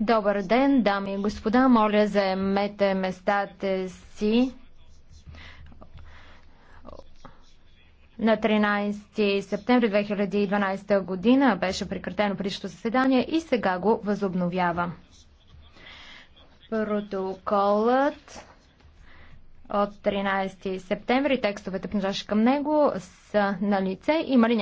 Добър ден, дами и господа. Моля, заемете местата си. На 13 септември 2012 година беше прекратено предишното заседание и сега го възобновява. Протоколът от 13 септември, текстовете, принадлежащи към него, са на лице. Има ли